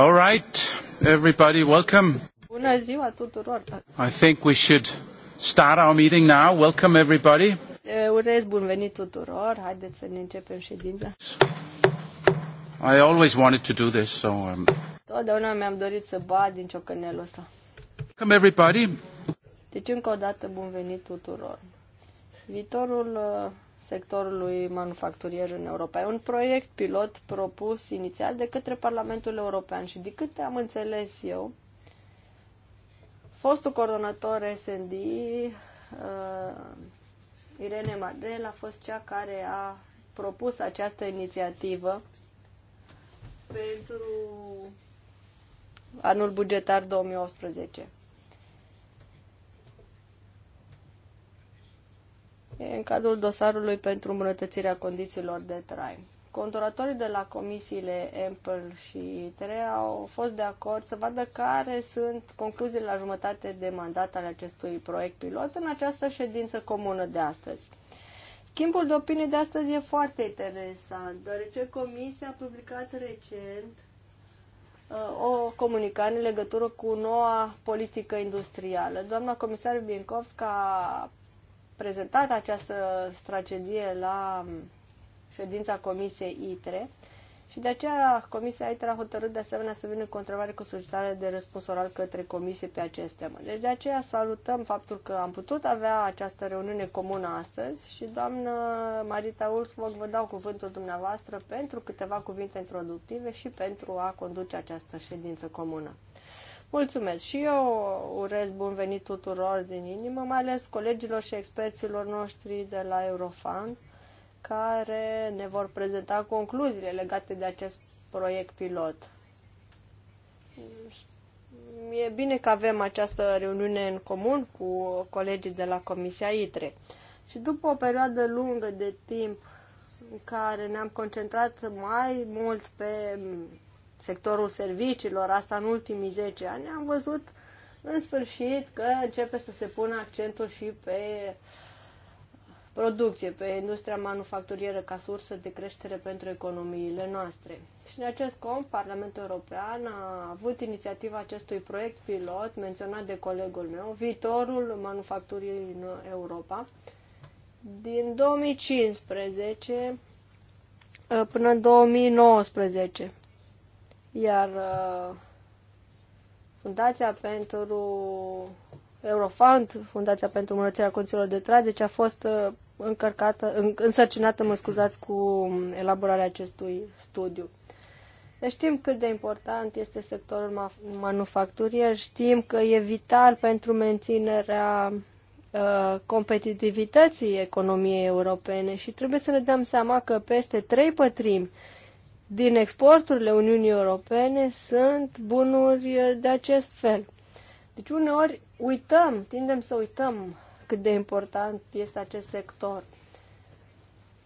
All right, everybody, welcome. Bună ziua tuturor. I think we should start our meeting now. Welcome everybody. Urez bun venit tuturor. Haideți să ne începem ședința. I always wanted to do this, so um... Totdeauna mi-am dorit să bat din ciocanelul ăsta. Welcome everybody. Deci încă o dată bun venit tuturor. Viitorul uh, sectorului manufacturier în Europa. E un proiect pilot propus inițial de către Parlamentul European și de câte am înțeles eu, fostul coordonator SND, uh, Irene Madel, a fost cea care a propus această inițiativă pentru anul bugetar 2018. în cadrul dosarului pentru îmbunătățirea condițiilor de trai. Conturatorii de la comisiile EMPL și ITRE au fost de acord să vadă care sunt concluziile la jumătate de mandat ale acestui proiect pilot în această ședință comună de astăzi. Schimbul de opinie de astăzi e foarte interesant, deoarece Comisia a publicat recent uh, o comunicare în legătură cu noua politică industrială. Doamna comisar Biencovska a prezentat această strategie la ședința Comisiei ITRE și de aceea Comisia ITRE a hotărât de asemenea să vină cu o întrebare cu solicitare de răspuns oral către Comisie pe acest temă. Deci de aceea salutăm faptul că am putut avea această reuniune comună astăzi și doamnă Marita Ulsvog vă dau cuvântul dumneavoastră pentru câteva cuvinte introductive și pentru a conduce această ședință comună. Mulțumesc și eu urez bun venit tuturor din inimă, mai ales colegilor și experților noștri de la Eurofund, care ne vor prezenta concluziile legate de acest proiect pilot. E bine că avem această reuniune în comun cu colegii de la Comisia ITRE. Și după o perioadă lungă de timp în care ne-am concentrat mai mult pe sectorul serviciilor, asta în ultimii 10 ani, am văzut în sfârșit că începe să se pună accentul și pe producție, pe industria manufacturieră ca sursă de creștere pentru economiile noastre. Și în acest cont, Parlamentul European a avut inițiativa acestui proiect pilot menționat de colegul meu, viitorul manufacturii în Europa. Din 2015 uh, până în 2019. Iar uh, Fundația pentru Eurofund, Fundația pentru Mărățirea Conților de Trai, deci a fost uh, încărcată, în, însărcinată, mă scuzați, cu elaborarea acestui studiu. Deci știm cât de important este sectorul manufacturier, știm că e vital pentru menținerea uh, competitivității economiei europene și trebuie să ne dăm seama că peste trei pătrimi uh, din exporturile Uniunii Europene sunt bunuri de acest fel. Deci uneori uităm, tindem să uităm cât de important este acest sector.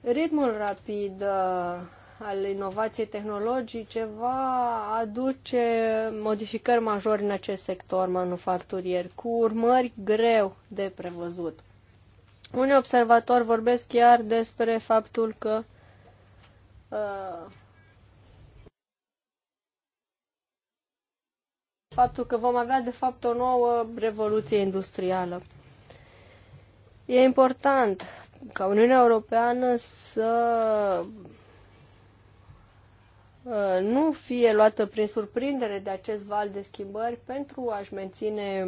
Ritmul rapid uh, al inovației tehnologice va aduce modificări majore în acest sector manufacturier, cu urmări greu de prevăzut. Unii observatori vorbesc chiar despre faptul că uh, faptul că vom avea, de fapt, o nouă revoluție industrială. E important ca Uniunea Europeană să ă, nu fie luată prin surprindere de acest val de schimbări pentru a-și menține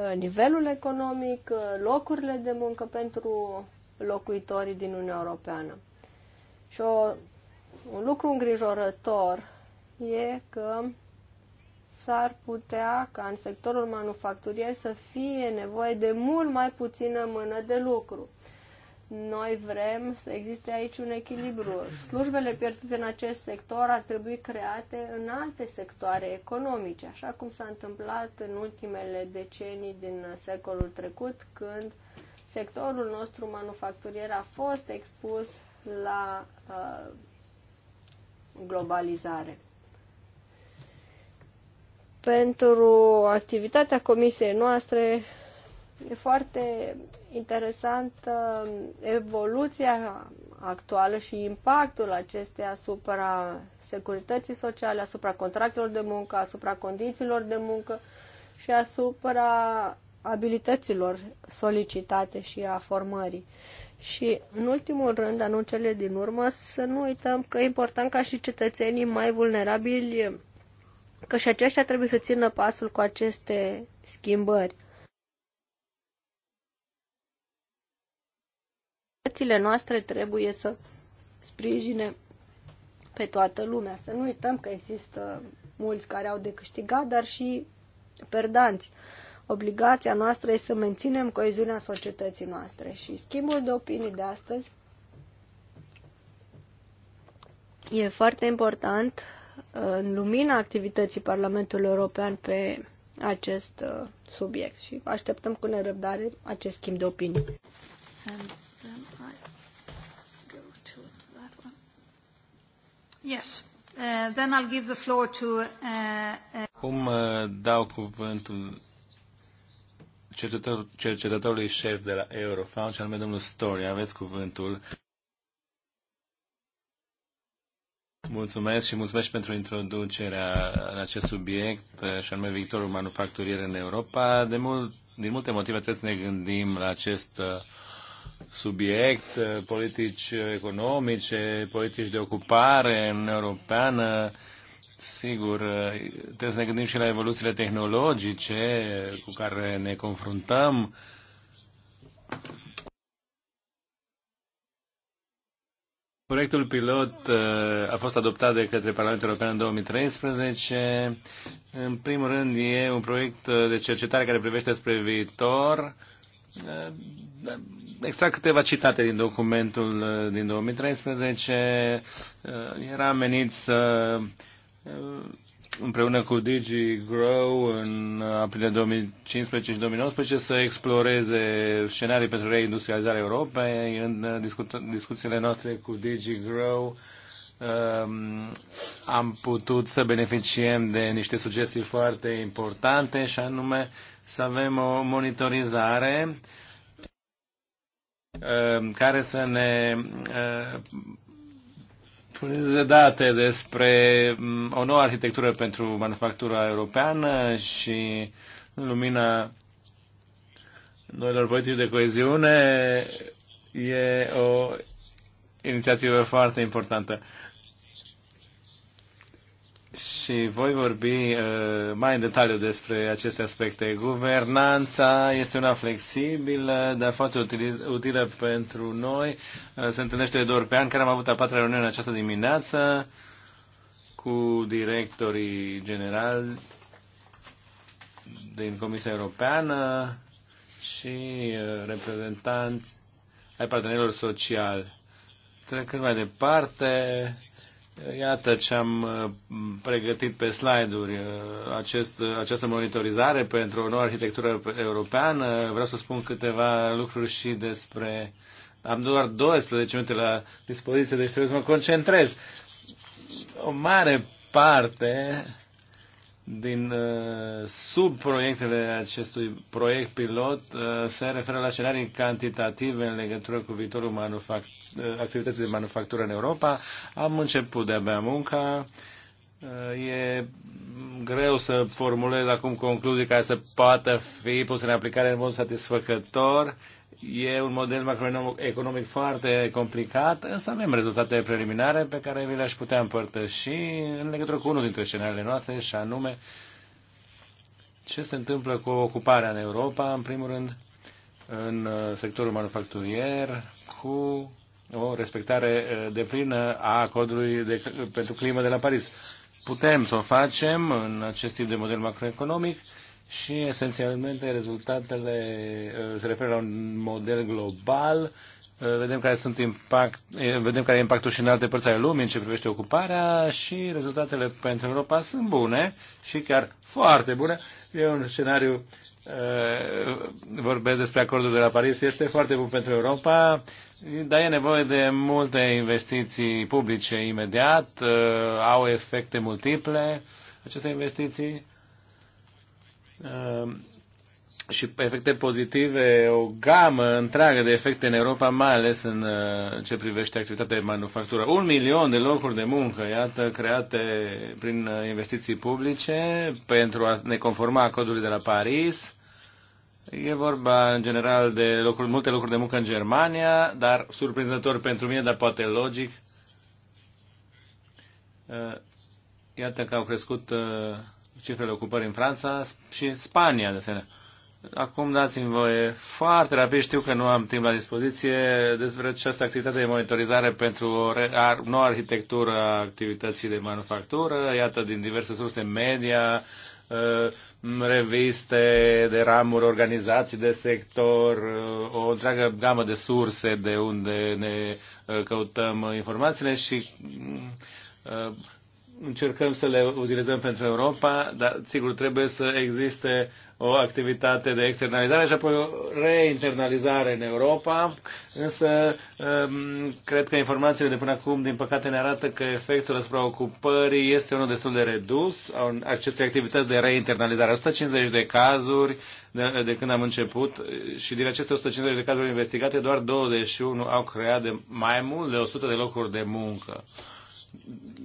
ă, nivelul economic, ă, locurile de muncă pentru locuitorii din Uniunea Europeană. Și o, un lucru îngrijorător e că s-ar putea ca în sectorul manufacturier să fie nevoie de mult mai puțină mână de lucru. Noi vrem să existe aici un echilibru. Slujbele pierdute în acest sector ar trebui create în alte sectoare economice, așa cum s-a întâmplat în ultimele decenii din secolul trecut, când sectorul nostru manufacturier a fost expus la uh, globalizare pentru activitatea comisiei noastre. E foarte interesantă evoluția actuală și impactul acesteia asupra securității sociale, asupra contractelor de muncă, asupra condițiilor de muncă și asupra abilităților solicitate și a formării. Și, în ultimul rând, dar nu cele din urmă, să nu uităm că e important ca și cetățenii mai vulnerabili că și aceștia trebuie să țină pasul cu aceste schimbări. Cățile noastre trebuie să sprijine pe toată lumea. Să nu uităm că există mulți care au de câștigat, dar și perdanți. Obligația noastră este să menținem coeziunea societății noastre și schimbul de opinii de astăzi e foarte important în lumina activității Parlamentului European pe acest uh, subiect și așteptăm cu nerăbdare acest schimb de opinii. Yes. Uh, then I'll give the floor to, uh, uh... Acum uh, dau cuvântul cercetătorului șef de la Eurofound, și anume domnul Story. Aveți cuvântul. Mulțumesc și mulțumesc pentru introducerea în acest subiect, și anume viitorul manufacturier în Europa. De mult, din multe motive trebuie să ne gândim la acest uh, subiect, uh, politici economice, politici de ocupare în Europeană, Sigur, uh, trebuie să ne gândim și la evoluțiile tehnologice cu care ne confruntăm Proiectul pilot uh, a fost adoptat de către Parlamentul European în 2013. În primul rând e un proiect uh, de cercetare care privește spre viitor. Uh, exact câteva citate din documentul din 2013. Era menit să împreună cu Digi Grow în aprilie 2015 și 2019 să exploreze scenarii pentru reindustrializarea Europei. În discu- discuțiile noastre cu Digi Grow um, am putut să beneficiem de niște sugestii foarte importante și anume să avem o monitorizare um, care să ne uh, furnizeze de date despre mm, o nouă arhitectură pentru manufactura europeană și în lumina noilor politici de coeziune e o inițiativă foarte importantă și voi vorbi uh, mai în detaliu despre aceste aspecte. Guvernanța este una flexibilă, dar foarte util, utilă pentru noi. Uh, se întâlnește de două ori pe an, care am avut a patra reuniune în această dimineață cu directorii generali din Comisia Europeană și uh, reprezentanți ai partenerilor sociali. Trecând mai departe, Iată ce am uh, pregătit pe slide-uri, uh, acest, uh, această monitorizare pentru o nouă arhitectură europeană. Vreau să spun câteva lucruri și despre... Am doar 12 minute la dispoziție, deci trebuie să mă concentrez. O mare parte din uh, subproiectele acestui proiect pilot uh, se referă la scenarii cantitative în legătură cu viitorul uh, activității de manufactură în Europa. Am început de-abia munca. E greu să formulez acum concluzii care să poată fi puse în aplicare în mod satisfăcător E un model macroeconomic foarte complicat, însă avem rezultate preliminare pe care vi le-aș putea împărtăși în legătură cu unul dintre scenariile noastre, și anume ce se întâmplă cu ocuparea în Europa, în primul rând în uh, sectorul manufacturier, cu o respectare uh, deplină a acordului de, pentru climă de la Paris. Putem să o facem în acest tip de model macroeconomic și esențialmente rezultatele uh, se referă la un model global. Uh, vedem care, sunt impact, vedem care e impactul și în alte părți ale lumii în ce privește ocuparea și rezultatele pentru Europa sunt bune și chiar foarte bune. E un scenariu, uh, vorbesc despre acordul de la Paris, este foarte bun pentru Europa, dar e nevoie de multe investiții publice imediat, au efecte multiple aceste investiții Ehm, și efecte pozitive, o gamă întreagă de efecte în Europa, mai ales în eh, ce privește activitatea de manufactură. Un milion de locuri de muncă, iată, create prin eh, investiții publice pentru a ne conforma codului de la Paris. E vorba, în general, de locuri, multe locuri de muncă în Germania, dar surprinzător pentru mine, dar poate logic. Eh, iată că au crescut cifrele ocupării în Franța și în Spania, de asemenea. Acum dați-mi voie foarte rapid, știu că nu am timp la dispoziție, despre această activitate de monitorizare pentru o nouă arhitectură a activității de manufactură, iată din diverse surse media, uh, reviste de ramuri, organizații de sector, uh, o întreagă gamă de surse de unde ne uh, căutăm informațiile și mm, încercăm să le utilizăm pentru Europa, dar sigur trebuie să existe o activitate de externalizare și apoi o reinternalizare în Europa, însă um, cred că informațiile de până acum, din păcate, ne arată că efectul asupra ocupării este unul destul de redus a acestei activități de reinternalizare. 150 de cazuri de, de când am început și din aceste 150 de cazuri investigate, doar 21 au creat de mai mult de 100 de locuri de muncă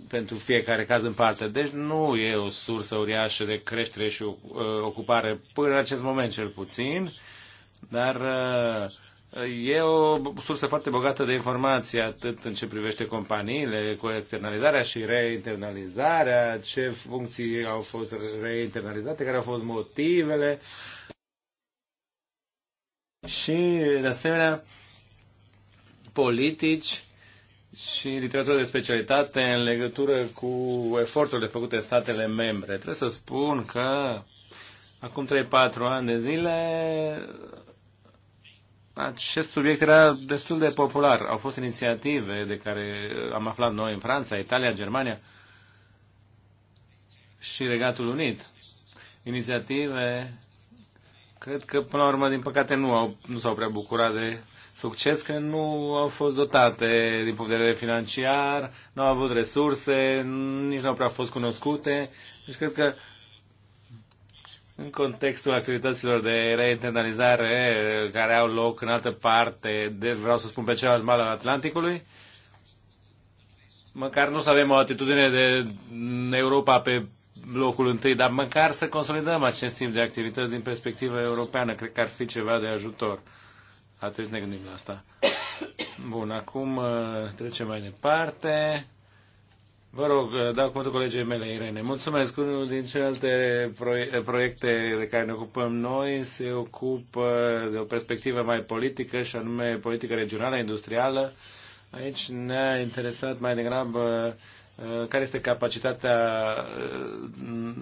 pentru fiecare caz în parte. Deci nu e o sursă uriașă de creștere și uh, ocupare până în acest moment cel puțin, dar uh, e o sursă foarte bogată de informații atât în ce privește companiile cu externalizarea și reinternalizarea, ce funcții au fost reinternalizate, care au fost motivele. Și, de asemenea, politici și literatură de specialitate în legătură cu eforturile făcute de statele membre. Trebuie să spun că acum 3-4 ani de zile acest subiect era destul de popular. Au fost inițiative de care am aflat noi în Franța, Italia, Germania și Regatul Unit. Inițiative, cred că până la urmă, din păcate, nu, au, nu s-au prea bucurat de succes că nu au fost dotate din punct de vedere financiar, nu au avut resurse, nici nu au prea fost cunoscute. Deci cred că în contextul activităților de reinternalizare care au loc în altă parte, de, vreau să spun pe cealaltă mal al Atlanticului, măcar nu să avem o atitudine de Europa pe locul întâi, dar măcar să consolidăm acest tip de activități din perspectiva europeană, cred că ar fi ceva de ajutor. A trebuit să ne gândim la asta. Bun, acum uh, trecem mai departe. Vă rog, uh, dau cuvântul colegii mele, Irene. Mulțumesc. Unul din celelalte uh, proiecte de care ne ocupăm noi se ocupă de o perspectivă mai politică și anume politică regională, industrială. Aici ne-a interesat mai degrabă Uh, care este capacitatea uh,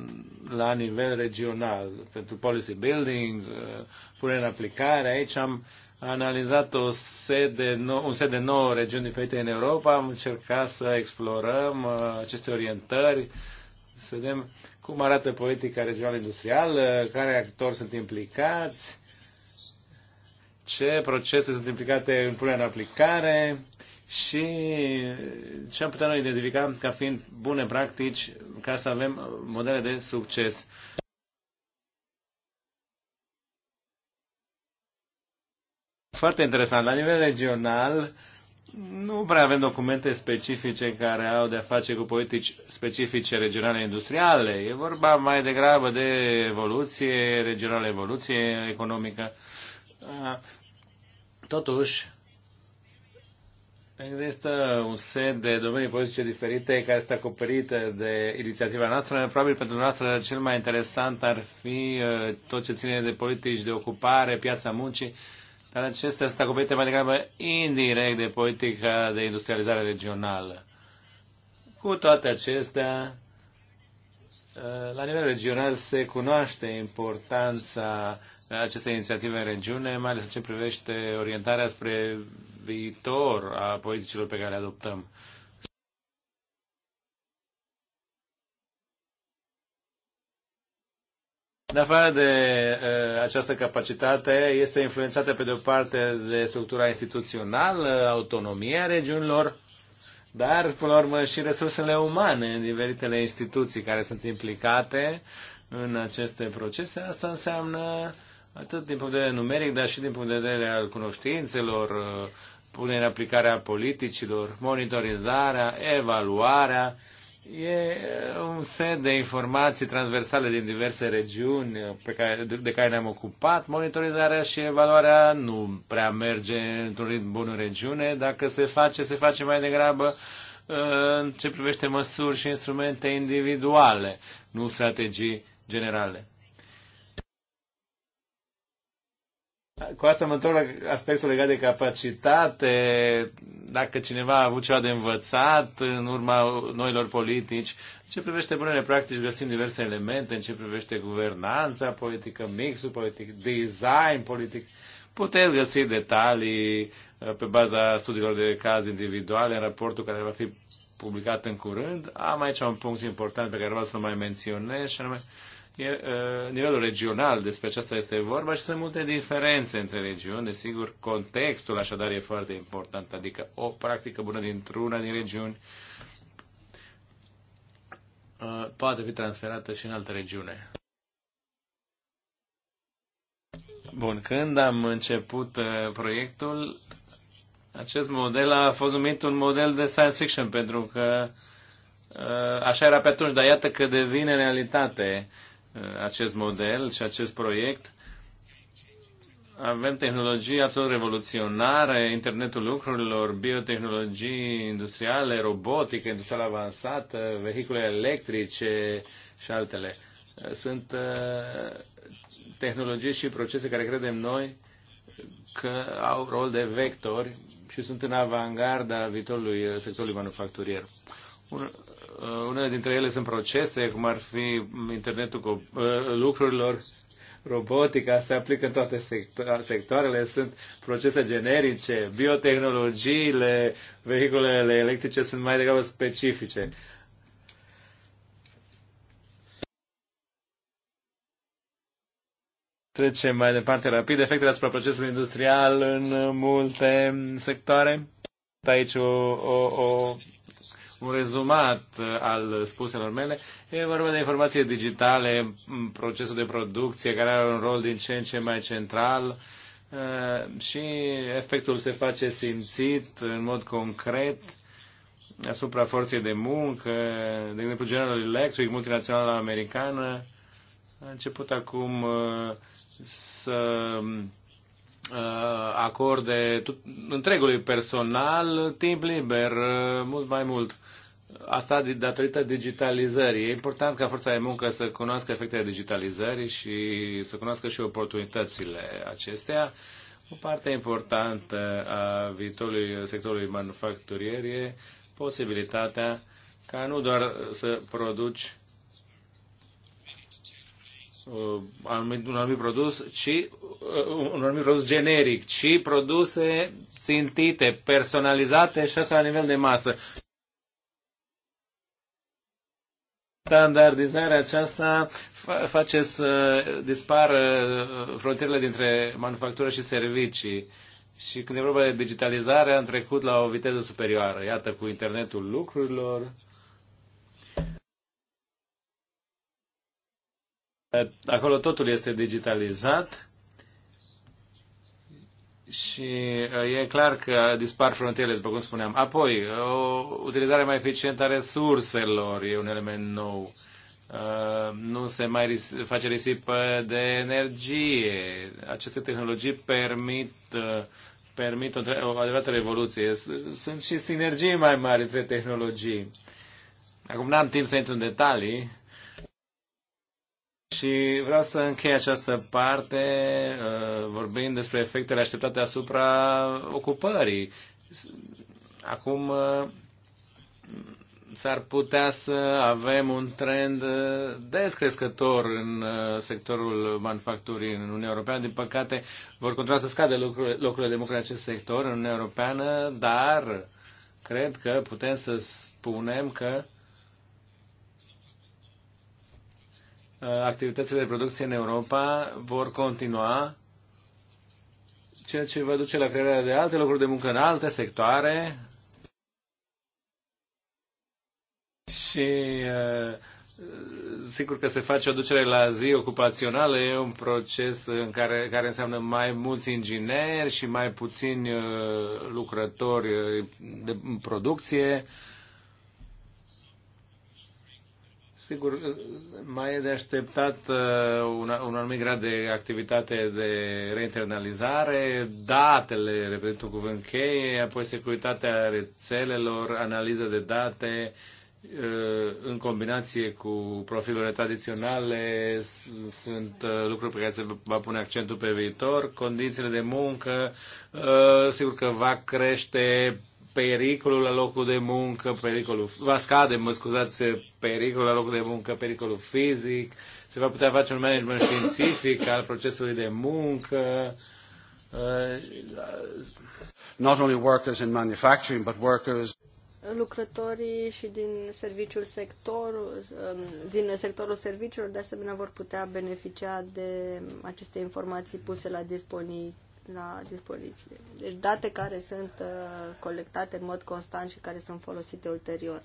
la nivel regional pentru policy building, uh, punere în aplicare. Aici am analizat o set de un set de nouă regiuni diferite în Europa, am încercat să explorăm aceste orientări, să vedem cum arată politica regională industrială, care actori sunt implicați, ce procese sunt implicate în punerea în aplicare și ce am putea noi identifica ca fiind bune practici ca să avem modele de succes. Foarte interesant. La nivel regional, nu prea avem documente specifice care au de-a face cu politici specifice regionale industriale. E vorba mai degrabă de evoluție regională, evoluție economică. Totuși, Există un set de domenii politice diferite care este acoperite de inițiativa noastră. Probabil pentru noastră cel mai interesant ar fi uh, tot ce ține de politici de ocupare, piața muncii, dar acestea sunt acoperite mai degrabă indirect de politica de industrializare regională. Cu toate acestea, uh, la nivel regional se cunoaște importanța acestei inițiative în regiune, mai ales în ce privește orientarea spre viitor a politicilor pe care le adoptăm. În afară de uh, această capacitate, este influențată pe de-o parte de structura instituțională, autonomia regiunilor, dar, până la urmă, și resursele umane în diferitele instituții care sunt implicate în aceste procese. Asta înseamnă atât din punct de vedere numeric, dar și din punct de vedere al cunoștințelor, punerea în aplicare a politicilor, monitorizarea, evaluarea. E un set de informații transversale din diverse regiuni pe care, de care ne-am ocupat. Monitorizarea și evaluarea nu prea merge într-un ritm bun în regiune. Dacă se face, se face mai degrabă uh, în ce privește măsuri și instrumente individuale, nu strategii generale. Cu asta mă întorc la aspectul legat de capacitate, dacă cineva a avut ceva de învățat în urma noilor politici. În ce privește bunele practici, găsim diverse elemente, în ce privește guvernanța politică, mixul politic, design politic. Puteți găsi detalii uh, pe baza studiilor de caz individuale în raportul care va fi publicat în curând. Am aici un punct important pe care vreau să-l mai menționez și anume nivelul regional, despre aceasta este vorba și sunt multe diferențe între regiuni, desigur, contextul așadar e foarte important, adică o practică bună dintr-una din regiuni poate fi transferată și în altă regiune. Bun, când am început proiectul, acest model a fost numit un model de science fiction, pentru că așa era pe atunci, dar iată că devine realitate acest model și acest proiect. Avem tehnologii absolut revoluționare, internetul lucrurilor, biotehnologii industriale, robotică, industrială avansată, vehicule electrice și altele. Sunt uh, tehnologii și procese care credem noi că au rol de vectori și sunt în avangarda viitorului sectorului manufacturier. Un Uh, unele dintre ele sunt procese, cum ar fi internetul cu, uh, lucrurilor, robotica, se aplică în toate sectoarele, sunt procese generice, biotehnologiile, vehiculele electrice sunt mai degrabă specifice. Trecem mai departe rapid. Efectele asupra procesului industrial în multe sectoare. Aici o, o, o un rezumat uh, al spuselor mele. E vorba de informație digitale, procesul de producție care are un rol din ce în ce mai central uh, și efectul se face simțit în mod concret asupra forței de muncă. De exemplu, General Electric, multinațională americană, a început acum uh, să acorde întregului personal timp liber, mult mai mult. Asta datorită digitalizării. E important ca forța de muncă să cunoască efectele digitalizării și să cunoască și oportunitățile acestea. O parte importantă a viitorului sectorului manufacturier e posibilitatea ca nu doar să produci uh, un anumit produs, ci uh, un anumit produs generic, ci produse țintite, personalizate și asta la nivel de masă. Standardizarea aceasta face să dispară uh, frontierele dintre manufactură și servicii. Și când e vorba de digitalizare, am trecut la o viteză superioară. Iată, cu internetul lucrurilor. Acolo totul este digitalizat și uh, e clar că dispar frontierele, după cum spuneam. Apoi, o utilizare mai eficientă a resurselor e un element nou. Uh, nu se mai face risipă de energie. Aceste tehnologii permit uh, permit o, o adevărată revoluție. Sunt și sinergii mai mari între tehnologii. Acum n-am timp să intru în detalii, și vreau să închei această parte uh, vorbind despre efectele așteptate asupra ocupării. Acum uh, s-ar putea să avem un trend uh, descrescător în sectorul manufacturii în Uniunea Europeană. Din păcate, vor continua să scadă locurile, locurile de muncă în acest sector în Uniunea Europeană, dar cred că putem să spunem că Uh, activitățile de producție în Europa vor continua, ceea ce va duce la crearea de alte locuri de muncă în alte sectoare și uh, sigur că se face ducere la zi ocupațională, e un proces în care, care înseamnă mai mulți ingineri și mai puțini uh, lucrători de producție. Sigur, mai e de așteptat uh, un, un anumit grad de activitate de reinternalizare, datele, reprezintă cuvânt cheie, apoi securitatea rețelelor, analiză de date, uh, în combinație cu profilurile tradiționale sunt uh, lucruri pe care se va pune accentul pe viitor, condițiile de muncă, sigur că va crește pericolul la locul de muncă, pericolul, va scade, mă scuzați, pericolul la locul de muncă, pericolul fizic, se va putea face un management științific al procesului de muncă. Uh, Not only workers in manufacturing, but workers lucrătorii și din serviciul sector, um, din sectorul serviciilor, de asemenea, vor putea beneficia de aceste informații puse la dispoziție la dispoziție. Deci date care sunt uh, colectate în mod constant și care sunt folosite ulterior.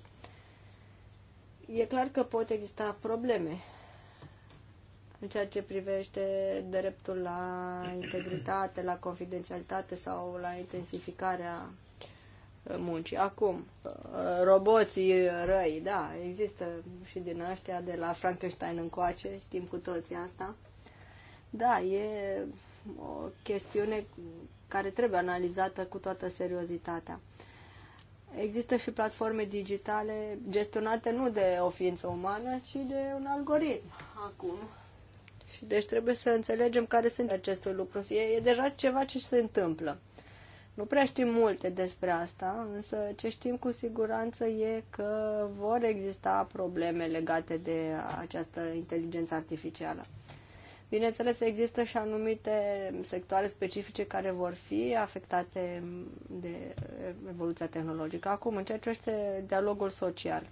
E clar că pot exista probleme în ceea ce privește dreptul la integritate, la confidențialitate sau la intensificarea uh, muncii. Acum, uh, roboții răi, da, există și din ăștia de la Frankenstein încoace, știm cu toții asta. Da, e o chestiune care trebuie analizată cu toată seriozitatea. Există și platforme digitale gestionate nu de o ființă umană, ci de un algoritm acum. Și deci trebuie să înțelegem care sunt aceste lucruri. E, e deja ceva ce se întâmplă. Nu prea știm multe despre asta, însă ce știm cu siguranță e că vor exista probleme legate de această inteligență artificială. Bineînțeles, există și anumite sectoare specifice care vor fi afectate de evoluția tehnologică. Acum, în ceea ce este dialogul social,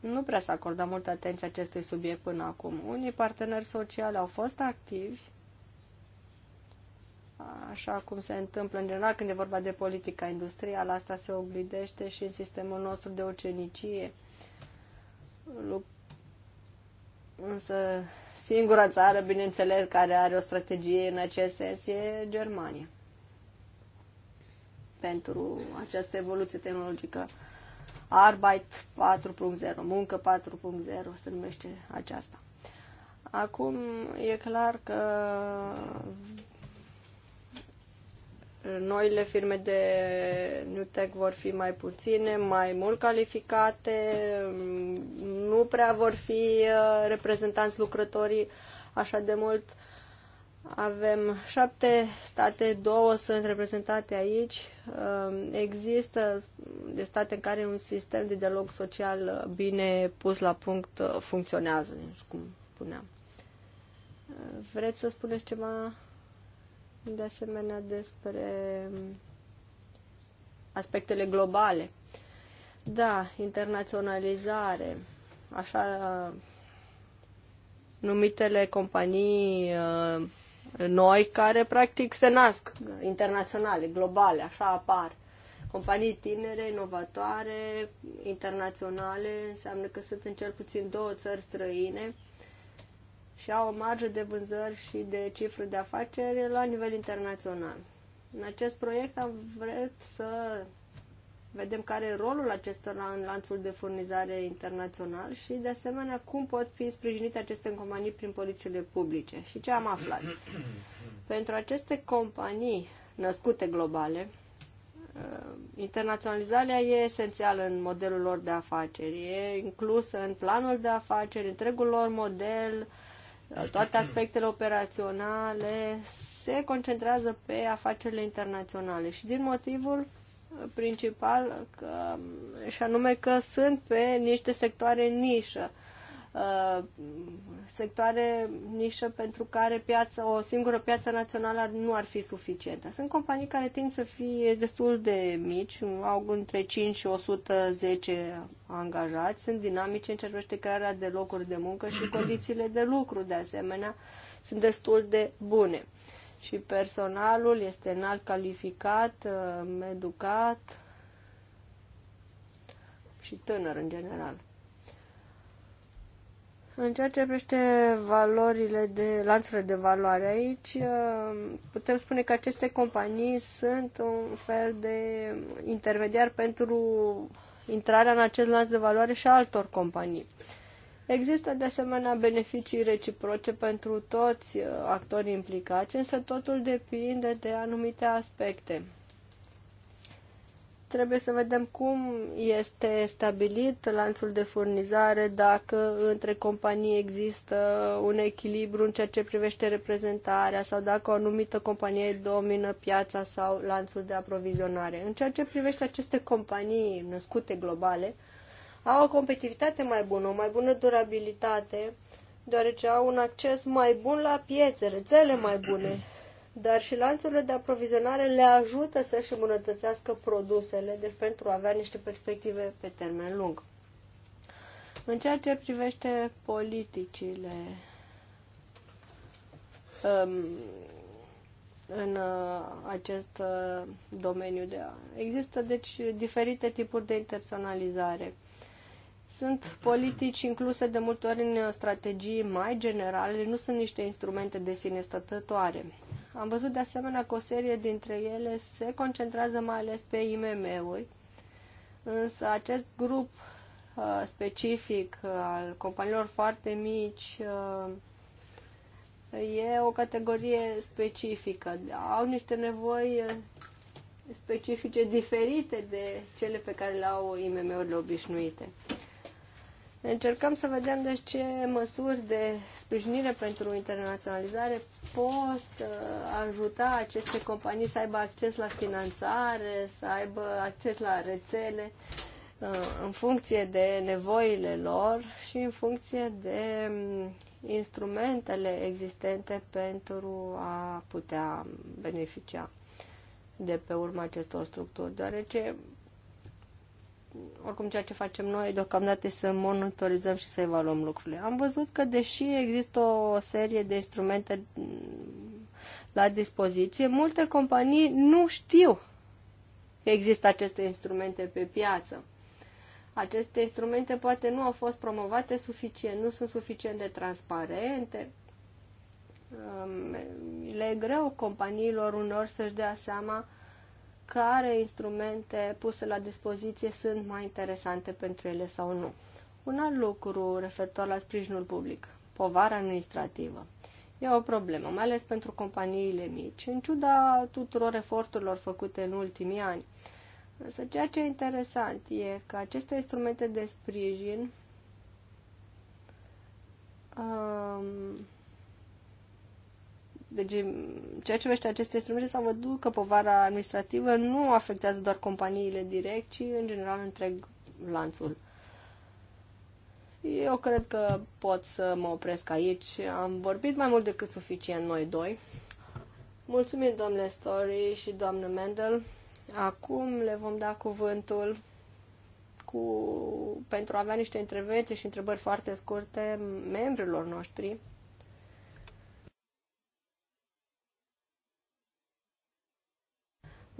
nu prea s-a acordat multă atenție acestui subiect până acum. Unii parteneri sociali au fost activi, așa cum se întâmplă în general când e vorba de politica industrială, asta se oglidește și în sistemul nostru de ucenicie. Însă Singura țară, bineînțeles, care are o strategie în acest sens e Germania. Pentru această evoluție tehnologică. Arbeit 4.0, muncă 4.0 se numește aceasta. Acum e clar că noile firme de New Tech vor fi mai puține, mai mult calificate, nu prea vor fi uh, reprezentanți lucrătorii așa de mult. Avem șapte state, două sunt reprezentate aici. Um, există de state în care un sistem de dialog social bine pus la punct uh, funcționează, cum spuneam. Uh, vreți să spuneți ceva de asemenea despre aspectele globale. Da, internaționalizare, așa numitele companii uh, noi care practic se nasc internaționale, globale, așa apar. Companii tinere, inovatoare, internaționale, înseamnă că sunt în cel puțin două țări străine și au o marjă de vânzări și de cifre de afaceri la nivel internațional. În acest proiect am vrut să vedem care e rolul acestora în lanțul de furnizare internațional și, de asemenea, cum pot fi sprijinite aceste companii prin politicile publice. Și ce am aflat? Pentru aceste companii născute globale, uh, internaționalizarea e esențială în modelul lor de afaceri, e inclusă în planul de afaceri, întregul lor model uh, toate aspectele operaționale se concentrează pe afacerile internaționale și din motivul principal, că, și anume că sunt pe niște sectoare nișă Uh, sectoare nișă pentru care piața, o singură piață națională nu ar fi suficientă. Sunt companii care tind să fie destul de mici, au între 5 și 110 angajați, sunt dinamice în ce privește crearea de locuri de muncă și condițiile de lucru, de asemenea, sunt destul de bune. Și personalul este înalt calificat, uh, educat și tânăr în general. În ceea ce privește valorile de lanțurile de valoare aici, uh, putem spune că aceste companii sunt un fel de intermediar pentru intrarea în acest lanț de valoare și a altor companii. Există de asemenea beneficii reciproce pentru toți uh, actorii implicați, însă totul depinde de anumite aspecte. Trebuie să vedem cum este stabilit lanțul de furnizare, dacă între companii există un echilibru în ceea ce privește reprezentarea sau dacă o anumită companie domină piața sau lanțul de aprovizionare. În ceea ce privește aceste companii născute globale, au o competitivitate mai bună, o mai bună durabilitate, deoarece au un acces mai bun la piețe, rețele mai bune dar și lanțurile de aprovizionare le ajută să-și îmbunătățească produsele, deci pentru a avea niște perspective pe termen lung. În ceea ce privește politicile um, în uh, acest uh, domeniu, de există deci diferite tipuri de internaționalizare. Sunt politici incluse de multe ori în strategii mai generale, nu sunt niște instrumente de sine stătătoare. Am văzut de asemenea că o serie dintre ele se concentrează mai ales pe IMM-uri, însă acest grup uh, specific uh, al companiilor foarte mici uh, e o categorie specifică. Au niște nevoi uh, specifice diferite de cele pe care le au IMM-urile obișnuite. Încercăm să vedem deci ce măsuri de sprijinire pentru internaționalizare pot uh, ajuta aceste companii să aibă acces la finanțare, să aibă acces la rețele uh, în funcție de nevoile lor și în funcție de um, instrumentele existente pentru a putea beneficia de pe urma acestor structuri, deoarece oricum ceea ce facem noi deocamdată este să monitorizăm și să evaluăm lucrurile. Am văzut că deși există o serie de instrumente mm, la dispoziție, multe companii nu știu că există aceste instrumente pe piață. Aceste instrumente poate nu au fost promovate suficient, nu sunt suficient de transparente. Le e greu companiilor unor să-și dea seama uh, care instrumente puse la dispoziție sunt mai interesante pentru ele sau nu. Un alt lucru referitor la sprijinul public, povara administrativă. E o problemă, mai ales pentru companiile mici, în ciuda tuturor eforturilor făcute în ultimii ani. Însă ceea ce e interesant e că aceste instrumente de sprijin Deci, ceea ce vește aceste instrumente, s-a văzut că povara administrativă nu afectează doar companiile direct, ci în general întreg lanțul. Eu cred că pot să mă opresc aici. Am vorbit mai mult decât suficient noi doi. Mulțumim, domnule Story și doamnă Mendel. Acum le vom da cuvântul cu, pentru a avea niște intervenții și întrebări foarte scurte membrilor noștri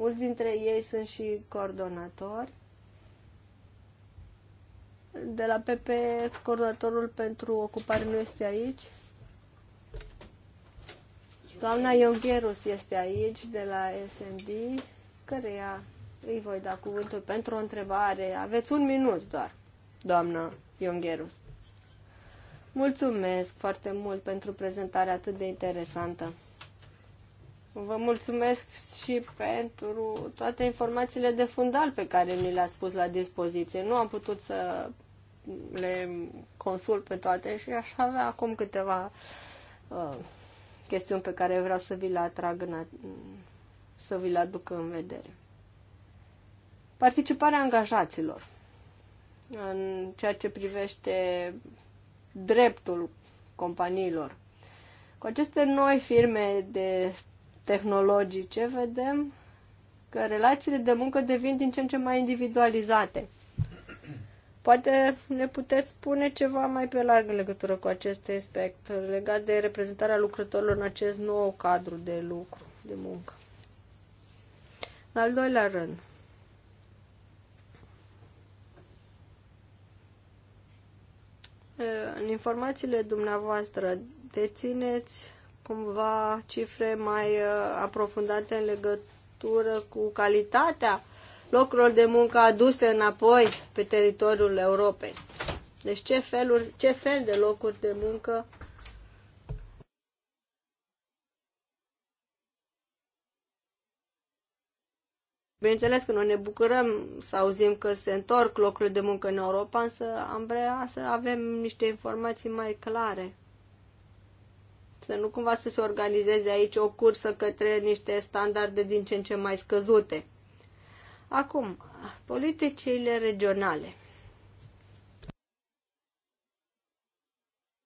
Mulți dintre ei sunt și coordonatori. De la PP, coordonatorul pentru ocupare nu este aici. Doamna Iongherus este aici, de la SND, căreia îi voi da cuvântul pentru o întrebare. Aveți un minut doar, doamna Iongherus. Mulțumesc foarte mult pentru prezentarea atât de interesantă. Vă mulțumesc și pentru toate informațiile de fundal pe care mi le ați pus la dispoziție. Nu am putut să le consult pe toate și aș avea acum câteva uh, chestiuni pe care vreau să vi le atrag în a- să vi le aduc în vedere. Participarea angajaților în ceea ce privește dreptul companiilor. Cu aceste noi firme de tehnologice, vedem că relațiile de muncă devin din ce în ce mai individualizate. Poate ne puteți spune ceva mai pe larg în legătură cu acest aspect legat de reprezentarea lucrătorilor în acest nou cadru de lucru, de muncă. În al doilea rând, în informațiile dumneavoastră dețineți cumva cifre mai uh, aprofundate în legătură cu calitatea locurilor de muncă aduse înapoi pe teritoriul Europei. Deci ce, feluri, ce fel de locuri de muncă Bineînțeles că noi ne bucurăm să auzim că se întorc locurile de muncă în Europa, însă am vrea să avem niște informații mai clare să nu cumva să se organizeze aici o cursă către niște standarde din ce în ce mai scăzute. Acum, politicile regionale.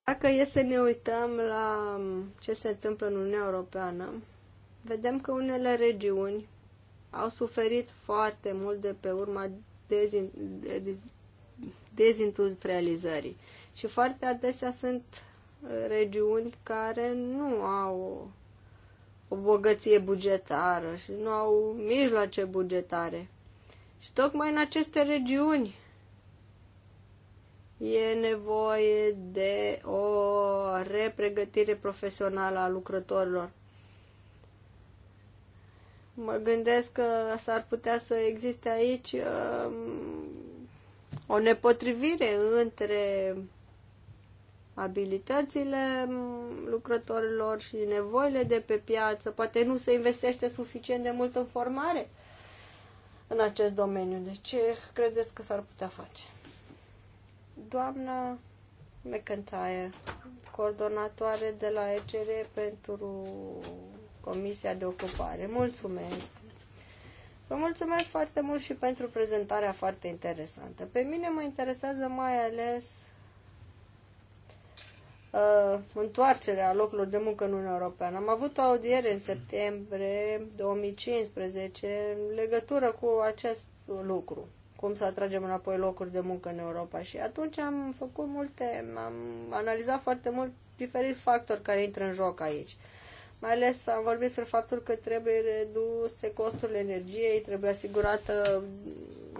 Dacă e să ne uităm la ce se întâmplă în Uniunea Europeană, vedem că unele regiuni au suferit foarte mult de pe urma dezin, de, de, dezindustrializării și foarte adesea sunt regiuni care nu au o bogăție bugetară și nu au mijloace bugetare. Și tocmai în aceste regiuni e nevoie de o repregătire profesională a lucrătorilor. Mă gândesc că s-ar putea să existe aici um, o nepotrivire între abilitățile lucrătorilor și nevoile de pe piață. Poate nu se investește suficient de mult în formare în acest domeniu. Deci ce credeți că s-ar putea face? Doamna McIntyre, coordonatoare de la ECR pentru Comisia de Ocupare. Mulțumesc! Vă mulțumesc foarte mult și pentru prezentarea foarte interesantă. Pe mine mă interesează mai ales uh, întoarcerea locurilor de muncă în Uniunea Europeană. Am avut o audiere în septembrie 2015 în legătură cu acest lucru, cum să atragem înapoi locuri de muncă în Europa. Și atunci am făcut multe, am analizat foarte mult diferiți factori care intră în joc aici. Uh, mai ales am vorbit despre faptul că trebuie reduse costurile energiei, trebuie asigurată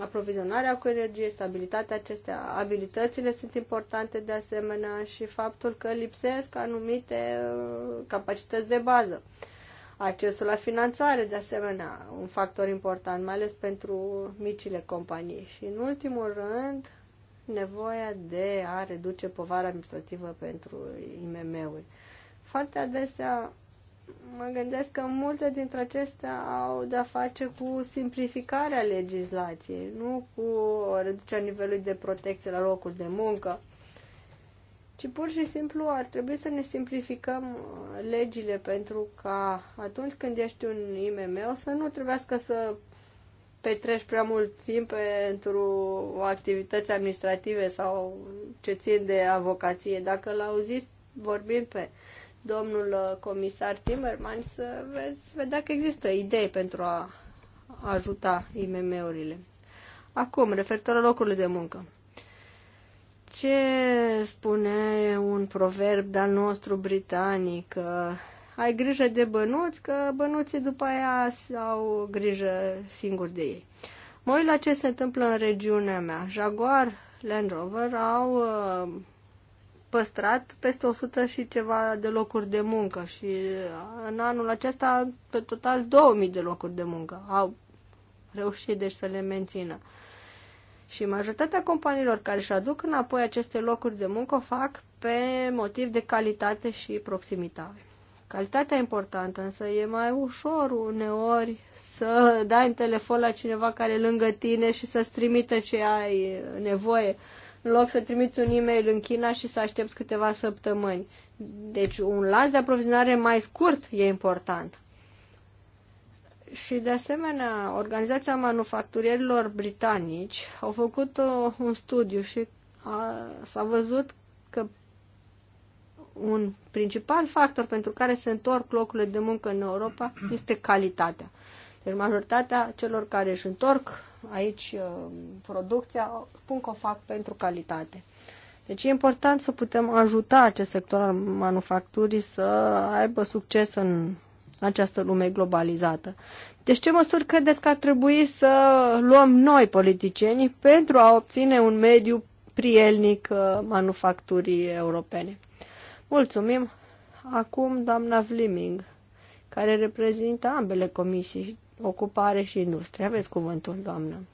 aprovizionarea cu energie, stabilitatea acestea, abilitățile sunt importante de asemenea și faptul că lipsesc anumite uh, capacități de bază. Accesul la finanțare, de asemenea, un factor important, mai ales pentru micile companii. Și, în ultimul rând, nevoia de a reduce povara administrativă pentru IMM-uri. Foarte adesea mă gândesc că multe dintre acestea au de-a face cu simplificarea legislației, nu cu reducerea nivelului de protecție la locul de muncă, ci pur și simplu ar trebui să ne simplificăm uh, legile pentru ca atunci când ești un IMM să nu trebuiască să petreci prea mult timp pentru activități administrative sau ce țin de avocație. Dacă l-auziți vorbind pe domnul uh, comisar Timmermans să vezi, vedea că există idei pentru a ajuta IMM-urile. Acum, referitor la locurile de muncă. Ce spune un proverb de-al nostru britanic? Uh, Ai grijă de bănuți, că bănuții după aia au grijă singuri de ei. Mă uit la ce se întâmplă în regiunea mea. Jaguar, Land Rover au uh, păstrat peste 100 și ceva de locuri de muncă și uh, în anul acesta pe total 2000 de locuri de muncă au reușit deci să le mențină. Și majoritatea companiilor care își aduc înapoi aceste locuri de muncă o fac pe motiv de calitate și proximitate. Calitatea importantă, însă e mai ușor uneori să dai în telefon la cineva care e lângă tine și să-ți trimite ce ai nevoie în loc să trimiți un e-mail în China și să aștepți câteva săptămâni. Deci un lanț de aprovizionare mai scurt e important. Și de asemenea, Organizația Manufacturierilor Britanici au făcut o, uh, un studiu și s-a văzut că un principal factor pentru care se întorc locurile de muncă în Europa este calitatea. Deci majoritatea celor care își întorc aici uh, producția spun că o fac pentru calitate. Deci e important să putem ajuta acest sector al manufacturii să aibă succes în această lume globalizată. Deci ce măsuri credeți că ar trebui să luăm noi, politicienii, pentru a obține un mediu prielnic uh, manufacturii europene? Mulțumim! Acum doamna Vliming, care reprezintă ambele comisii, ocupare și industrie. Aveți cuvântul, doamnă.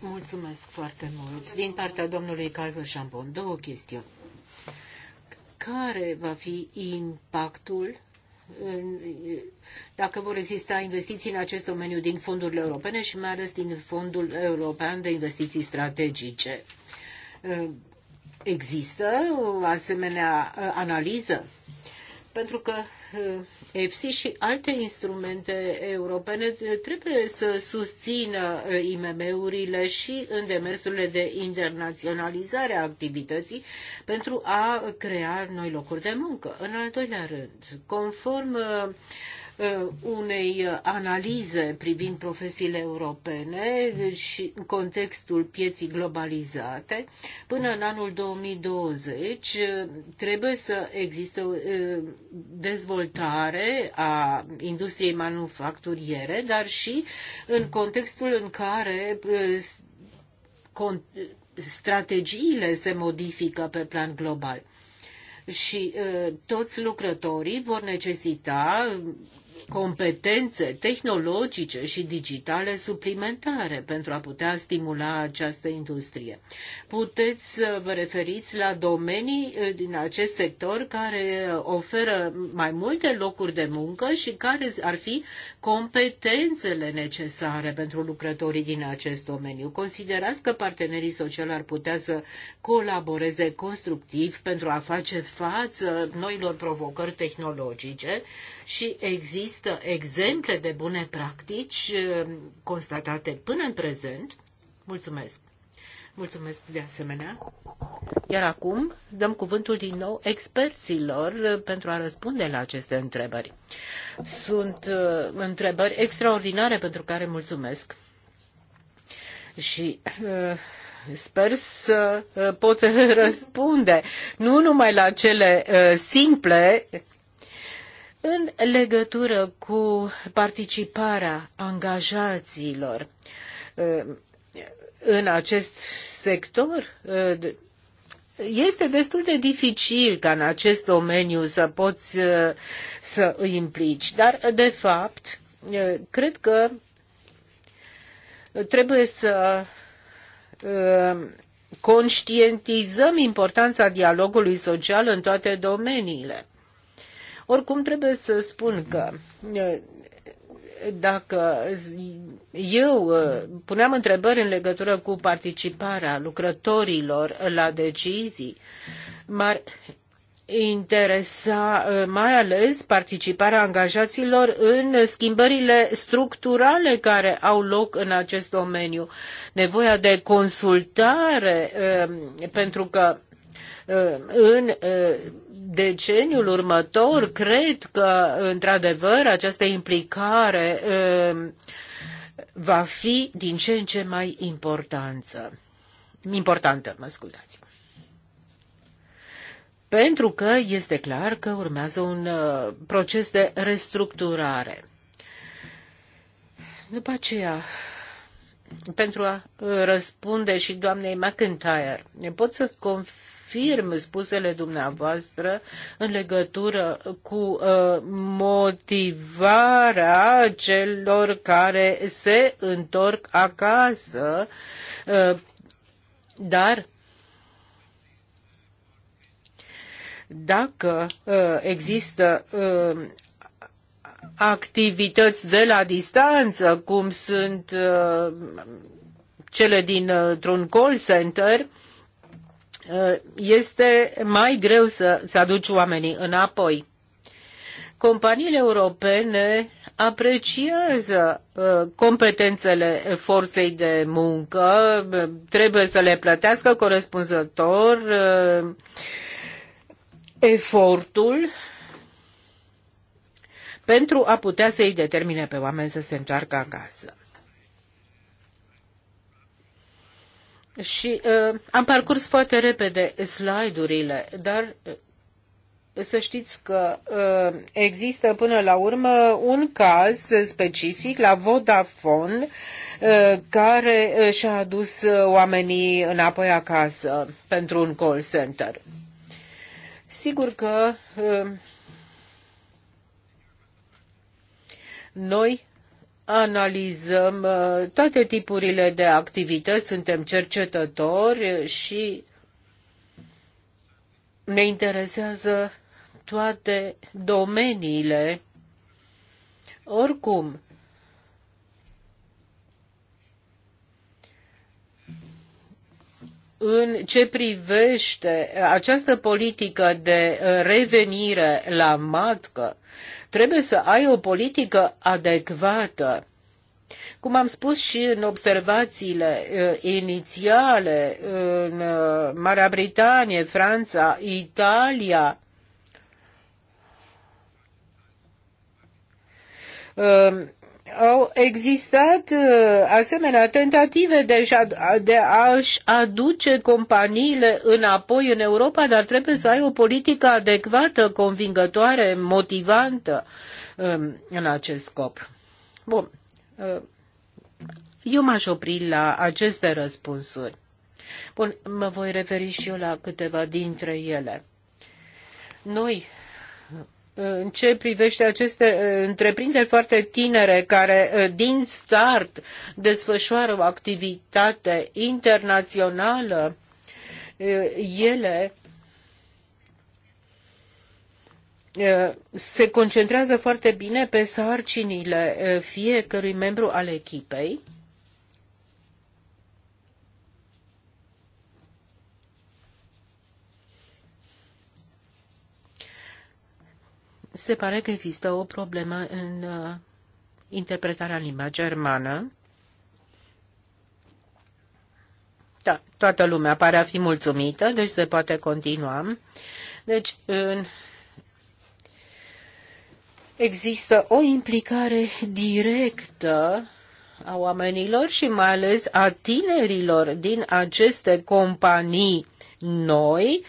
Mulțumesc foarte mult. Din partea domnului Calvă Șambon, două chestiuni. Care va fi impactul în, dacă vor exista investiții în acest domeniu din fondurile europene și mai ales din Fondul European de Investiții Strategice. Există o asemenea uh, analiză pentru că EFSI eh, și alte instrumente europene eh, trebuie să susțină eh, IMM-urile și în demersurile de internaționalizare a activității pentru a crea noi locuri de muncă. În al doilea rând, conform Uh, unei uh, analize privind profesiile europene și în contextul pieții globalizate, până în anul 2020 uh, trebuie să existe o dezvoltare a industriei manufacturiere, dar și în contextul în care strategiile se modifică pe plan global și uh, toți lucrătorii vor necesita competențe tehnologice și digitale suplimentare pentru a putea stimula această industrie. Puteți să vă referiți la domenii eh, din acest sector care oferă mai multe locuri de muncă și care ar fi competențele necesare pentru lucrătorii din acest domeniu. Considerați că partenerii sociali ar putea să colaboreze constructiv pentru a face față noilor provocări tehnologice și există există exemple de bune practici uh, constatate până în prezent. Mulțumesc! Mulțumesc de asemenea. Iar acum dăm cuvântul din nou experților uh, pentru a răspunde la aceste întrebări. Sunt uh, întrebări extraordinare pentru care mulțumesc. Și sper să pot răspunde nu numai la cele simple în legătură cu participarea angajaților uh, în acest sector, uh, este destul de dificil ca în acest domeniu să poți uh, să îi implici, dar de fapt cred că trebuie să conștientizăm importanța dialogului social în toate domeniile. Oricum trebuie să spun că dacă eu puneam întrebări în legătură cu participarea lucrătorilor la decizii, m-ar interesa mai ales participarea angajaților în schimbările structurale care au loc în acest domeniu. Nevoia de consultare, pentru că în deceniul următor, cred că, într-adevăr, această implicare um, va fi din ce în ce mai importantă. Importantă, mă scuzați. Pentru că este clar că urmează un uh, proces de restructurare. După aceea, pentru a uh, răspunde și doamnei McIntyre, pot să confirm firm spusele dumneavoastră în legătură cu uh, motivarea celor care se întorc acasă, uh, dar dacă uh, există activități de la distanță, cum sunt cele dintr-un call center, Uh, este mai greu să, să aduci oamenii înapoi. Companiile europene apreciază uh, competențele forței de muncă, uh, trebuie să le plătească corespunzător efortul pentru a putea să-i determine pe oameni să se întoarcă acasă. Și uh, am parcurs foarte repede slide-urile, dar uh, să știți că uh, există până la urmă un caz specific la Vodafone uh, care uh, și-a adus uh, oamenii înapoi acasă pentru un call center. Sigur că uh, noi analizăm uh, toate tipurile de activități, suntem cercetători și ne interesează toate domeniile. Oricum, în ce privește această politică de uh, revenire la matcă, Trebuie să ai o politică adecvată. Cum am spus și în observațiile uh, inițiale, în uh, Marea Britanie, Franța, Italia, uh, au existat uh, asemenea tentative de de a-și aduce companiile înapoi în Europa, dar trebuie să ai o politică adecvată, convingătoare, motivantă um, în acest scop. Bun. Uh, eu m-aș opri la aceste răspunsuri. Bun, mă voi referi și eu la câteva dintre ele. Noi în ce privește aceste uh, întreprinderi foarte tinere care uh, din start desfășoară o activitate internațională, uh, ele se concentrează foarte bine pe sarcinile fiecărui membru al echipei se pare că există o problemă în uh, interpretarea limba germană. Da, toată lumea pare a fi mulțumită, deci se poate continua. Deci, în există o implicare directă a oamenilor și mai ales a tinerilor din aceste companii noi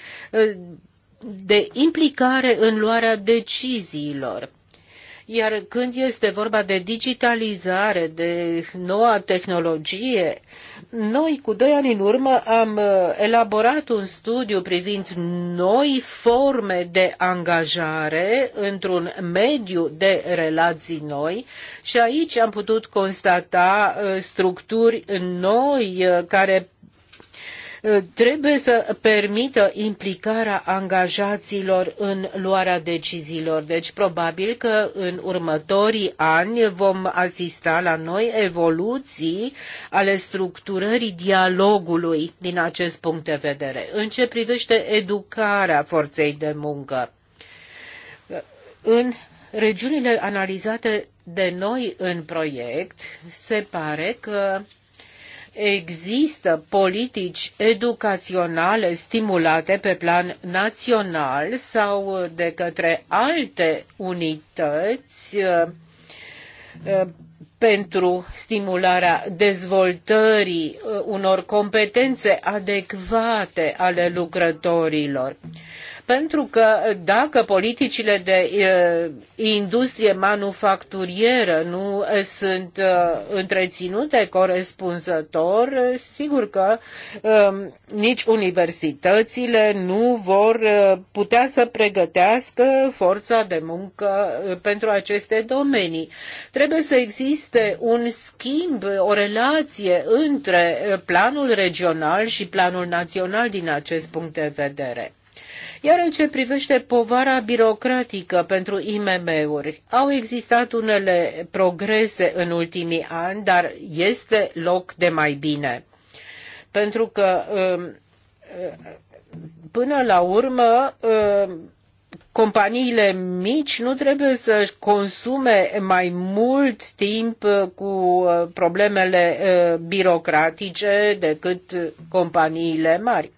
de implicare în luarea deciziilor. Iar când este vorba de digitalizare, de noua tehnologie, noi cu doi ani în urmă am uh, elaborat un studiu privind noi forme de angajare într-un mediu de relații noi și aici am putut constata uh, structuri noi uh, care Uh, trebuie să permită implicarea angajaților în luarea deciziilor. Deci probabil că în următorii ani vom asista la noi evoluții ale structurării dialogului din acest punct de vedere. În ce privește educarea forței de muncă? Uh, în regiunile analizate de noi în proiect, se pare că există politici educaționale stimulate pe plan național sau de către alte unități uh, uh, pentru stimularea dezvoltării uh, unor competențe adecvate ale lucrătorilor. Pentru că dacă politicile de industrie manufacturieră nu sunt întreținute corespunzător, sigur că nici universitățile nu vor putea să pregătească forța de muncă pentru aceste domenii. Trebuie să existe un schimb, o relație între planul regional și planul național din acest punct de vedere. Iar în ce privește povara birocratică pentru IMM-uri, au existat unele progrese în ultimii ani, dar este loc de mai bine. Pentru că um, până la urmă um, companiile mici nu trebuie să consume mai mult timp uh, cu uh, problemele uh, birocratice decât companiile mari.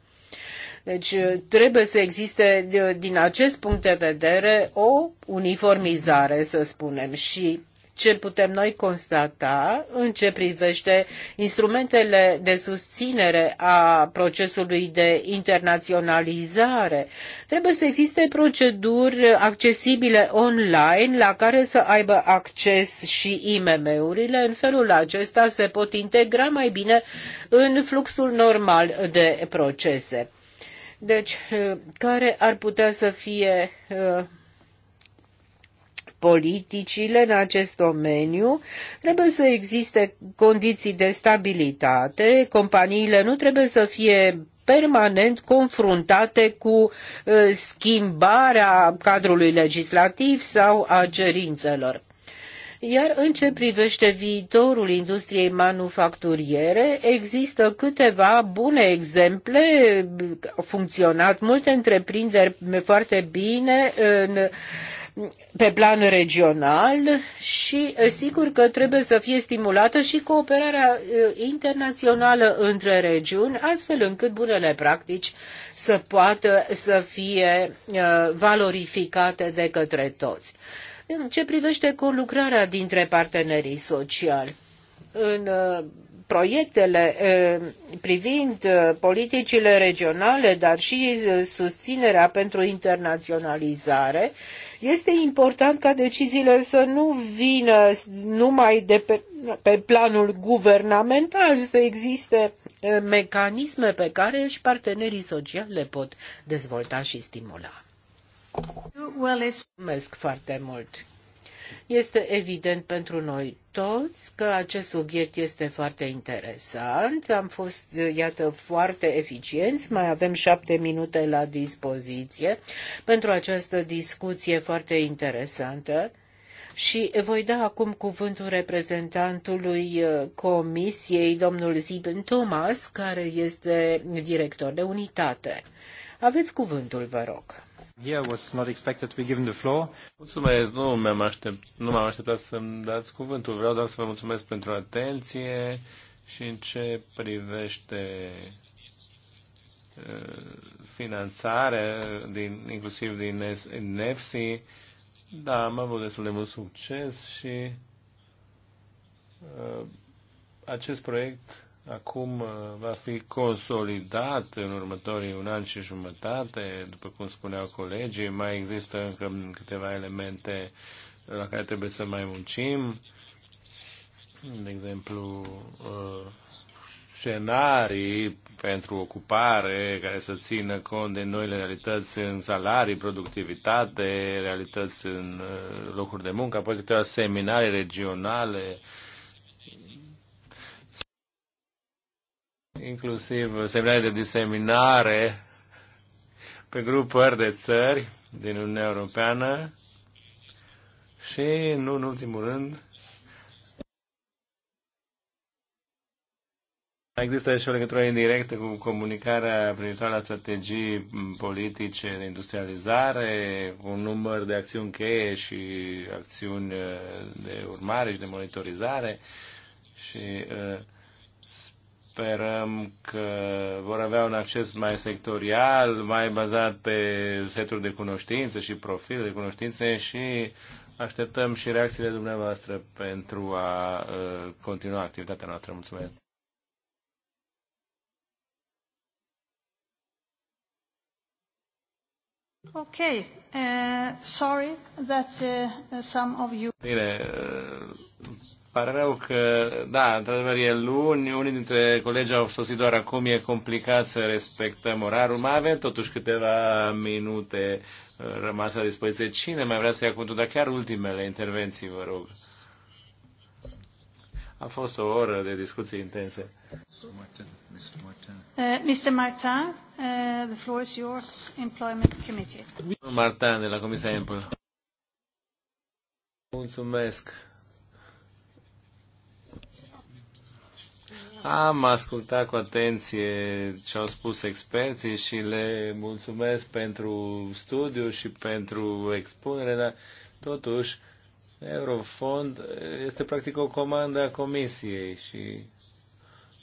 Deci uh, trebuie să existe, uh, din acest punct de vedere, o uniformizare, să spunem, și ce putem noi constata în ce privește instrumentele de susținere a procesului de internaționalizare. Trebuie să existe proceduri accesibile online la care să aibă acces și IMM-urile. În felul acesta se pot integra mai bine în fluxul normal de procese. Deci, uh, care ar putea să fie uh, politicile în acest domeniu, trebuie să existe condiții de stabilitate, companiile nu trebuie să fie permanent confruntate cu uh, schimbarea cadrului legislativ sau a cerințelor. Iar în ce privește viitorul industriei manufacturiere, există câteva bune exemple, au funcționat multe întreprinderi foarte bine în pe plan regional și eh, sigur că trebuie să fie stimulată și cooperarea eh, internațională între regiuni, astfel încât bunele practici să poată să fie eh, valorificate de către toți. În ce privește conlucrarea dintre partenerii sociali? În uh, proiectele uh, privind uh, politicile regionale, dar și susținerea pentru internaționalizare, este important ca deciziile să nu vină numai de pe, pe planul guvernamental, să existe mecanisme pe care și partenerii sociali le pot dezvolta și stimula well as... Mulțumesc foarte mult. Este evident pentru noi toți că acest subiect este foarte interesant. Am fost, iată, foarte eficienți. Mai avem șapte minute la dispoziție pentru această discuție foarte interesantă. Și voi da acum cuvântul reprezentantului uh, Comisiei, domnul Zibin Thomas, care este director de unitate. Aveți cuvântul, vă rog. Here was not expected to be given the floor. Mulțumesc, nu m-am aștept, nu m-am așteptat să-mi dați cuvântul. Vreau doar să vă mulțumesc pentru atenție și în ce privește uh, finanțare, din, inclusiv din NEFSI. Da, am avut destul de mult succes și uh, acest proiect acum uh, va fi consolidat în următorii un an și jumătate, după cum spuneau colegii, mai există încă câteva elemente la care trebuie să mai muncim, de exemplu, uh, scenarii pentru ocupare care să țină cont de noile realități în salarii, productivitate, realități în uh, locuri de muncă, apoi câteva seminarii regionale, uh, inclusiv semnale de diseminare pe grupări de țări din Uniunea Europeană și, nu în ultimul rând, Există și o legătură indirectă cu comunicarea privitoare la strategii politice de industrializare, un număr de acțiuni cheie și acțiuni eh, de urmare și de monitorizare și uh, sperăm că vor avea un acces mai sectorial, mai bazat pe seturi de cunoștințe și profil de cunoștințe și așteptăm și reacțiile dumneavoastră pentru a uh, continua activitatea noastră. Mulțumesc! Okay, uh, sorry that uh, some of you... Bine, uh, Pare rău că, da, într-adevăr e luni, unii dintre colegi au sosit doar acum, e complicat să respectăm orarul. Mai avem totuși câteva minute uh, rămase la dispoziție. Cine mai vrea să ia cuvântul? Dar chiar ultimele intervenții, vă rog. A fost o oră de discuții intense. Mr. Uh, Martin, Uh, the floor is yours, Employment Committee. Martin de la Comisia Empl. Mulțumesc. Am ascultat cu atenție ce au spus experții și le mulțumesc pentru studiu și pentru expunere, dar totuși Eurofond este practic o comandă a Comisiei și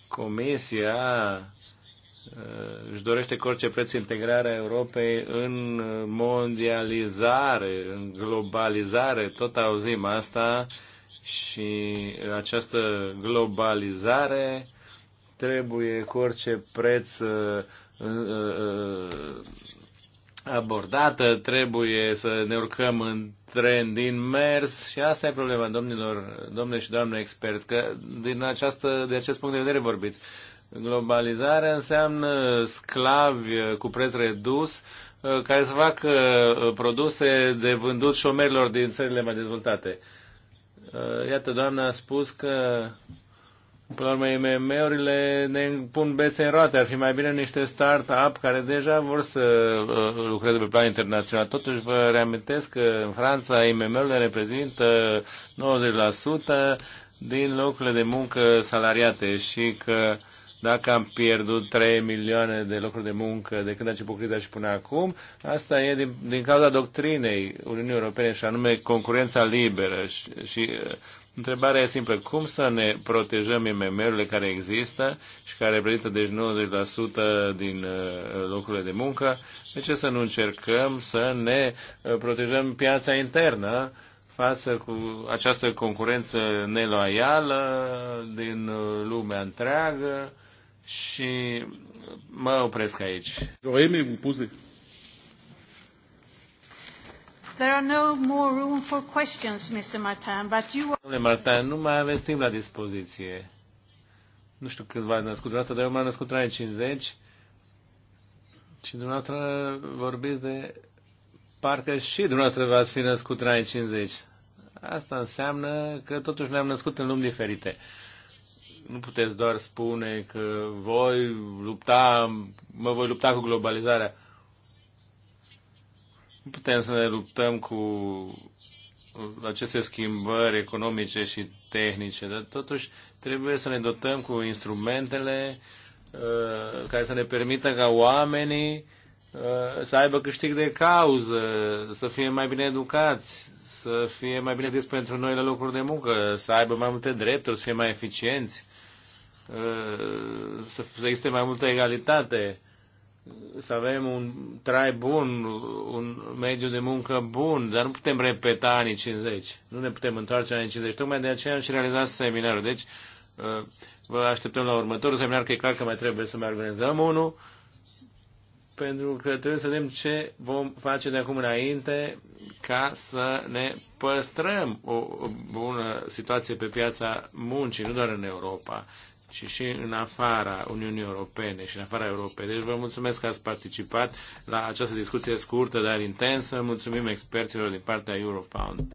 Comisia uh, își dorește cu orice preț integrarea Europei în mondializare, în globalizare, tot auzim asta și această globalizare trebuie cu orice preț uh, uh, uh, abordată, trebuie să ne urcăm în tren din mers și asta e problema, domnilor, domnule și doamne experți, că din această, de acest punct de vedere vorbiți. Globalizarea înseamnă sclavi cu preț redus care să facă produse de vândut șomerilor din țările mai dezvoltate. Uh, Uh, iată, doamna a spus că Până la urmă, IMM-urile ne pun bețe în roate. Ar fi mai bine niște start-up care deja vor să uh, lucreze pe plan internațional. Totuși, vă reamintesc că în Franța IMM-urile reprezintă 90% din locurile de muncă salariate și că uh, dacă am pierdut 3 milioane de locuri de muncă de când a început criza și până acum, asta e din, din cauza doctrinei Uniunii Europene și anume concurența liberă. Și, și uh, întrebarea e simplă, cum să ne protejăm mmr urile care există și care reprezintă deci 90% din uh, locurile de muncă? De ce să nu încercăm să ne uh, protejăm piața internă? față cu această concurență neloială din lumea întreagă și mă opresc aici. There are no more room for questions, Mr. Martin, but you are... Domnule Martin, nu mai aveți timp la dispoziție. Nu știu cât v-ați născut asta, dar eu m-am născut în anii 50 și dumneavoastră vorbiți de... Parcă și dumneavoastră v-ați fi născut în anii 50. Asta înseamnă că totuși ne-am născut în lumi diferite nu puteți doar spune că voi lupta, mă voi lupta cu globalizarea. Nu putem să ne luptăm cu aceste schimbări economice și tehnice, dar totuși trebuie să ne dotăm cu instrumentele uh, care să ne permită ca oamenii uh, să aibă câștig de cauză, să fie mai bine educați, să fie mai bine gândit pentru noi la locuri de muncă, să aibă mai multe drepturi, să fie mai eficienți. Uh, să existe mai multă egalitate, să avem un trai bun, un mediu de muncă bun, dar nu putem repeta anii 50. Nu ne putem întoarce anii 50. Tocmai de aceea am și realizat seminarul. Deci, uh, vă așteptăm la următorul seminar, că e clar că mai trebuie să mai organizăm unul, pentru că trebuie să vedem ce vom face de acum înainte ca să ne păstrăm o bună situație pe piața muncii, nu doar în Europa, și și în afara Uniunii Europene și în afara Europei. Deci vă mulțumesc că ați participat la această discuție scurtă, dar intensă. Mulțumim experților din partea Eurofound.